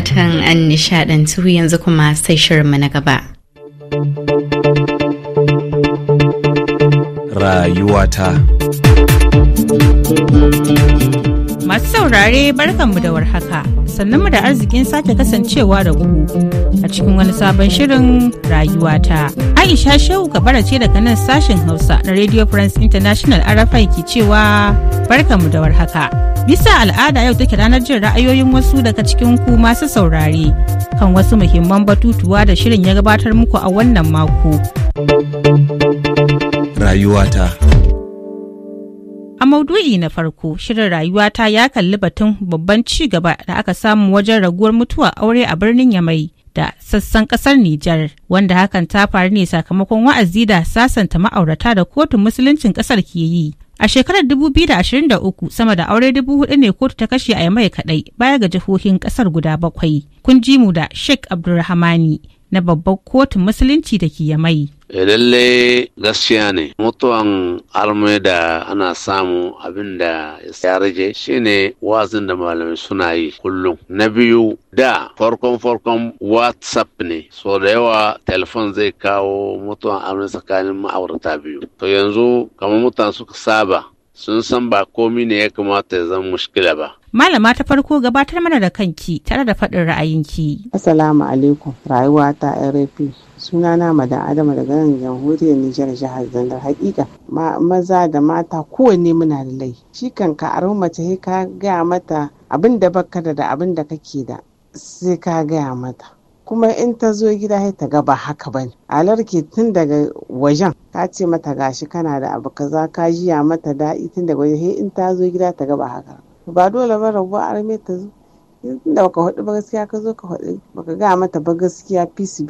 fatan an nishadantu yanzu kuma sai shirinmu na gaba. Rayuwata Masu saurare barkanmu da warhaka, sannanmu da arzikin sake kasancewa da ku a cikin wani sabon shirin rayuwata. Aisha Shehu Kabara ce daga nan sashen Hausa na Radio France International RFI ke cewa mu da warhaka. Bisa al'ada yau take ranar jin ra'ayoyin wasu daga cikin ku masu saurare kan wasu muhimman batutuwa da shirin ya gabatar muku a wannan mako. Rayuwata A maudu'i na farko, shirin rayuwata ya kalli batun babban ci gaba da aka samu wajen raguwar mutuwa aure a birnin Yamai da sassan kasar Nijar wanda hakan ta faru ne sakamakon wa'azi da sasanta ma'aurata da kotun musuluncin kasar ke yi. A shekarar 2023 sama da aure dubu hudu ne kotu ta kashe a yamai kadai baya ga jihohin kasar guda bakwai. Kun ji mu da Sheikh Abdulrahmani na babban kotun musulunci da ke yamai. Eh, lalle gaskiya ne mutuwan armai da ana samu abin da ya rage shine wazin da malamai suna yi kullum na biyu da farkon farkon whatsapp ne so da yawa telefon zai kawo mutuwan armai tsakanin ma'aurata biyu to yanzu kamar mutane suka saba sun san ba komi ne ya kamata ya zama mushkila ba Malama ta farko gabatar mana da kanki tare da faɗin ra'ayinki. Assalamu alaikum rayuwa ta RFP sunana mada adama daga nan jamhuriyar nijar jihar zandar hakika maza da mata kowanne muna da lai shi kan ka aro mace ka gaya mata abin da baka da da abin da kake da sai ka gaya mata kuma in ta zo gida sai ta gaba haka ba ne alarki tun daga wajen ka ce mata gashi kana da abu kaza ka jiya mata daɗi tun daga wajen sai in ta zo gida ta gaba haka ba dole ba a arme ta zo da baka hudu ba gaskiya ka zo ka hudu baka gaya mata ba gaskiya fi su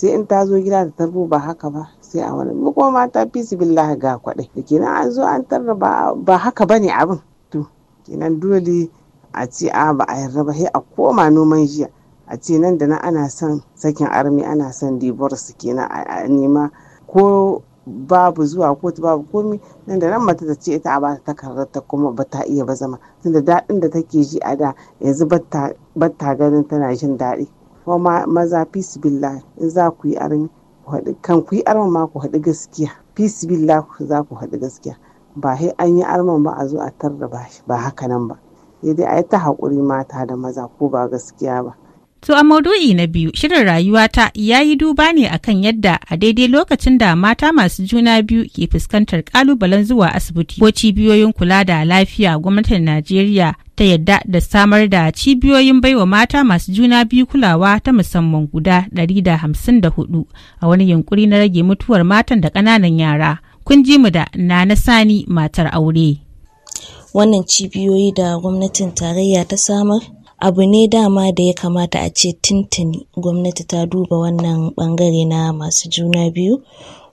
sai in ta zo gida da tarbo ba haka ba sai a wani mu ma mata fi su billahi ga kwaɗai da kenan an zo an tarra ba haka ba ne abin to kenan dole a ce a ba a yarda ba sai a koma noman jiya a ce nan da nan ana son sakin armi ana son divorce kenan a nema ko babu zuwa ko ta babu komi nan da nan mata ta ce ita a ba ta takardar ta kuma ba ta iya ba zama tunda daɗin da take ji a da yanzu ba ta ganin tana jin daɗi kuma maza fisbillah in za ku yi arin kan ku yi arman ma ku haɗu gaskiya fisbillah za ku haɗu gaskiya ba sai an yi arman ba a zo a da ba haka nan ba sai dai a yi ta haƙuri mata da maza ko ba gaskiya ba To a maudu'i na biyu shirin rayuwata ya yi duba ne akan yadda a daidai lokacin da mata masu juna biyu ke fuskantar kalubalen zuwa asibiti ko cibiyoyin kula da lafiya gwamnatin Najeriya ta yadda da samar da cibiyoyin baiwa mata masu juna biyu kulawa ta musamman guda 154 a wani yunkuri na rage mutuwar matan da ƙananan yara. Kun ji mu da Nana Sani matar aure. Wannan cibiyoyi da gwamnatin tarayya ta samar abu ne dama da ya kamata a ce tintini gwamnati ta duba wannan bangare na masu juna biyu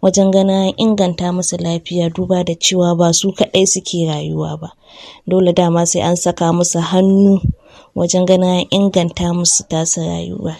wajen gana inganta musu lafiya duba da cewa ba su kaɗai suke rayuwa ba dole dama sai an saka musu hannu wajen gana inganta musu tasa rayuwa.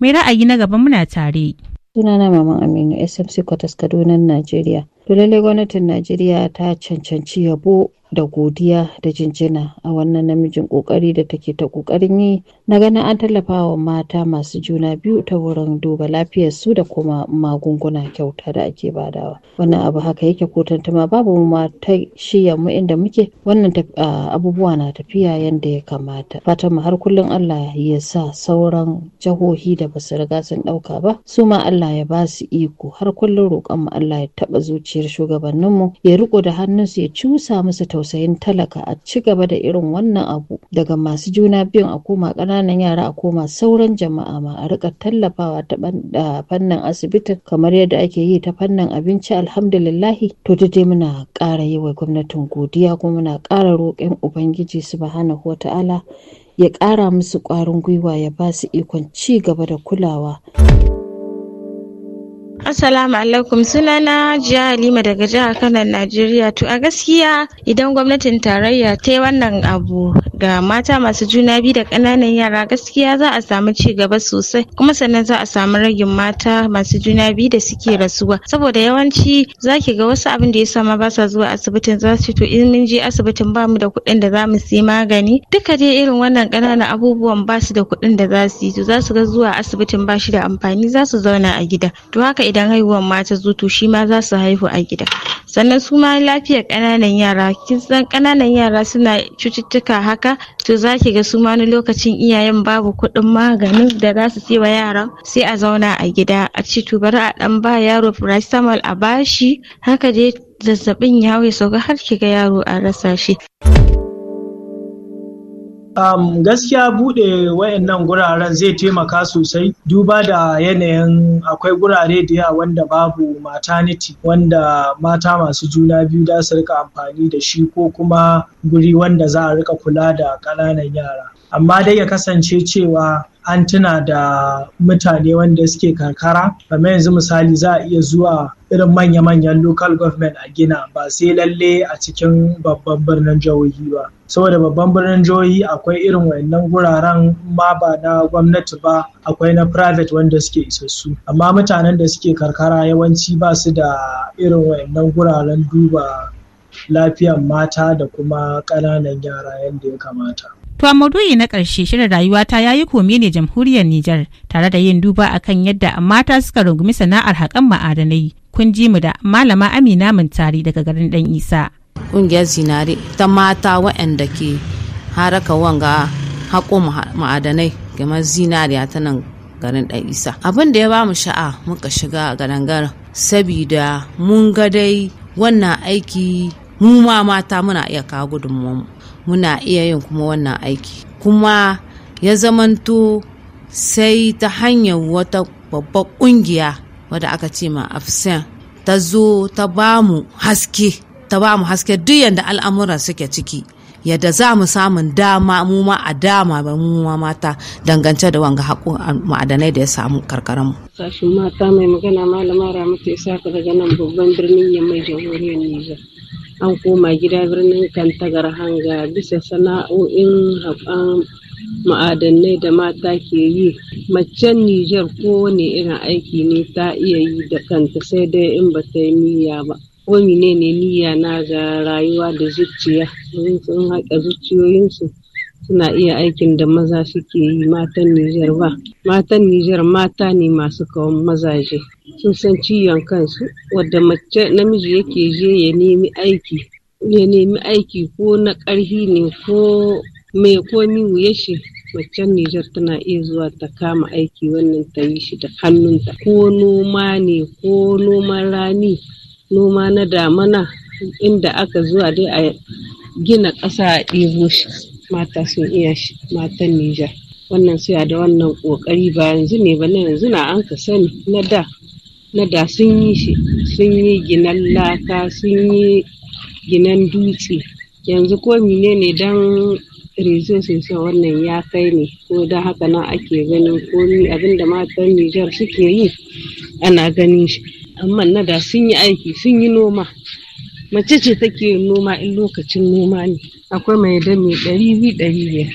Mai ra'ayi na gaba muna tare. Sunana Maman Aminu SMC Kwatas Kaduna Najeriya. to lallai gwamnatin najeriya ta cancanci yabo da godiya da jinjina a wannan namijin kokari da take ta kokarin yi na ganin an tallafa wa mata masu juna biyu ta wurin duba lafiyar su da kuma magunguna kyauta da ake badawa wannan abu haka yake ko tantama babu mu ta shiya mu inda muke wannan abubuwa na tafiya yadda ya kamata fatan mu har kullum Allah ya sa sauran jahohi da basu riga sun dauka ba su ma Allah ya ba su iko har kullum roƙon mu Allah ya taba zuciya zuciyar shugabanninmu ya riko da hannunsu ya cusa musu tausayin talaka a ci gaba da irin wannan abu daga masu juna biyun a koma ƙananan yara a koma sauran jama'a ma a rika tallafawa ta fannin asibitin kamar yadda ake yi ta fannin abinci alhamdulillahi to dai muna ƙara yi wa gwamnatin godiya kuma muna ƙara roƙen ubangiji subhanahu wa ta'ala ya ƙara musu ƙwarin gwiwa ya ba su ikon ci gaba da kulawa. Assalamu alaikum Suna na Jiya Halima daga jihar Kano Najeriya to a gaskiya idan gwamnatin tarayya ta yi wannan abu ga mata masu juna biyu da ƙananan yara gaskiya za a samu ci gaba sosai kuma sannan za a samu ragin mata masu juna biyu da suke rasuwa saboda yawanci zaki ga wasu abin da ya sama ba sa zuwa asibitin za su to in mun je asibitin ba mu da kuɗin da za mu siyi magani duka dai irin wannan ƙananan abubuwan ba su da kuɗin da za su yi to za su ga zuwa asibitin ba shi da amfani za su zauna a gida to haka idan haihuwar mata zutu zo to shi ma za su haihu a gida sannan su ma lafiyar ƙananan yara kin san ƙananan yara suna cututtuka haka to za ki ga su ma wani lokacin iyayen babu kuɗin maganin da za su sai wa yaran sai a zauna a gida a ce to bari a ɗan ba yaro paracetamol a bashi haka dai zazzabin ya hau ya sauka har ki ga yaro a rasa shi. Um, gaskiya bude wayannan guraren zai taimaka sosai duba da yanayin akwai gurare da yawa wanda babu maternity wanda mata masu juna biyu da su rika amfani da shi ko kuma guri wanda za a rika kula da ƙananan yara amma dai ya kasance cewa an tuna da mutane wanda suke karkara kamar yanzu misali za a iya zuwa irin manya-manyan local government a gina ba sai lalle a cikin babban birnin jihohi ba saboda babban birnin jihohi akwai irin wayannan guraren ma ba na gwamnati ba akwai na private wanda suke isassu amma mutanen da suke karkara yawanci ba su da irin wayannan guraren duba lafiyan mata da kuma ƙananan yara yadda ya kamata To a maudu'i na ƙarshe shirin rayuwata ya yi kome ne jamhuriyar Nijar tare da yin duba akan yadda mata suka rungumi sana'ar haƙan ma'adanai. Kun ji mu da Malama Amina Mintari daga garin Dan Isa. Ƙungiyar zinare ta mata waɗanda ke haraka wanga haƙo ma'adanai kamar zinariya ta nan garin Dan Isa. Abin da ya ba mu sha'a muka shiga garangar sabida mun ga dai wannan aiki mu ma mata muna iya kawo gudunmuwan muna iya yin kuma wannan aiki kuma ya zamanto sai ta hanyar wata babbar kungiya wadda aka ce ma afsan ta zo ta ba mu haske ta ba mu haske duk yadda al'amuran suke ciki yadda za mu samun dama mu ma a dama ba mu ma mata dangance da wanga haƙo ma'adanai da ya samu karkaran mu. Sashen mata mai magana malama Ramatu safa daga nan babban birnin Yamai jamhuriyar Nijar. an koma gida birnin kantagar hanga bisa sana'o'in haƙan ma'adanai da mata ke yi macen Nijar kowane irin aiki ne ta iya yi da kanta sai dai in ba ta yi niyya ba ko ne niyya na ga rayuwa da zuciya sun haƙa zuciyoyinsu suna iya aikin da maza suke yi matan Nijar ba. Matan Nijar mata ne masu kawon mazaje. Sun san ciyon kansu wadda mace namiji yake je ya nemi aiki. Ya nemi aiki ko na ƙarfi ne ko mai komi wuya shi macen Nijar tana iya zuwa ta kama aiki wannan ta yi shi da hannunta ko noma ne ko noman rani noma na damana inda aka zuwa dai a gina ƙasa a ɗebo shi mata sun iya shi matan Nijar. Wannan suna da wannan ƙoƙari ba yanzu ne ba na yanzu na an ka sani na da na da sun yi shi sun yi ginan laka sun yi ginan dutse yanzu ko mine ne don rezo sosai wannan ya kai ne ko da haka nan ake ganin komi abinda matan Nijar suke yi ana ganin shi amma na da sun yi aiki sun yi noma mace ce take noma in lokacin noma ne akwai mai dami ɗari biyu ɗari biyar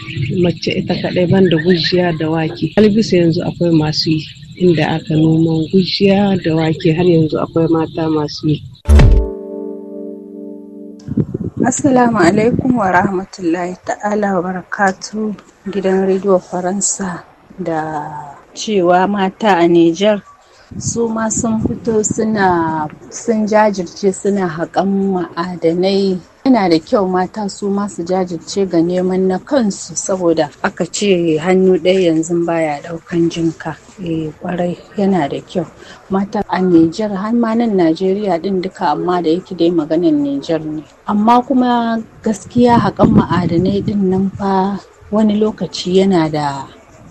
mace ita kaɗai ban da gujiya da wake bisa yanzu akwai masu yi inda aka noma gujiya da wake har yanzu akwai mata masu yi Assalamu alaikum wa rahmatullahi ta'ala wa barakatu gidan rediyo Faransa da cewa mata a Nijar su ma sun fito suna sun jajirce suna haƙan ma'adanai yana da kyau mata su masu jajirce ga neman na kansu saboda aka ce hannu ɗaya yanzu baya ɗaukan jinka eh kwarai yana da kyau mata a Nijar har ma Najeriya din duka amma da yake dai maganan Nijar ne amma kuma gaskiya haƙan ma'adanai din nan fa wani lokaci yana da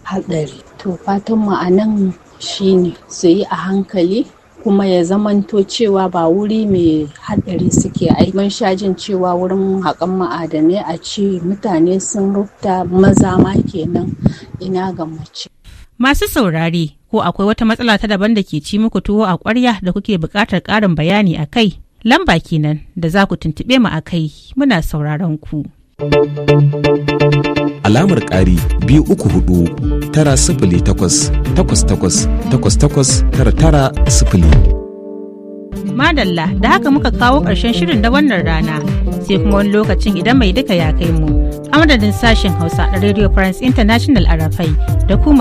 hatsari to fatan ma'anan shi ne shine su yi a hankali kuma ya zamanto cewa ba wuri mai haɗari suke ai mun sha jin cewa wurin haƙan ma'adanai a ce mutane sun rufta maza ma kenan ina ga mace masu saurare ko akwai wata matsala ta daban da ke ci muku tuwo a ƙwarya da kuke buƙatar ƙarin bayani a kai lamba kenan da za ku tuntuɓe mu a kai muna sauraron ku alamar ƙari biyu uku hudu tara sifili takwas takwas takwas takwas takwas tara tara sifili. Madalla da haka muka kawo ƙarshen shirin da wannan rana sai kuma wani lokacin idan mai duka ya kai mu. A madadin sashen Hausa na Radio France International Arafai da kuma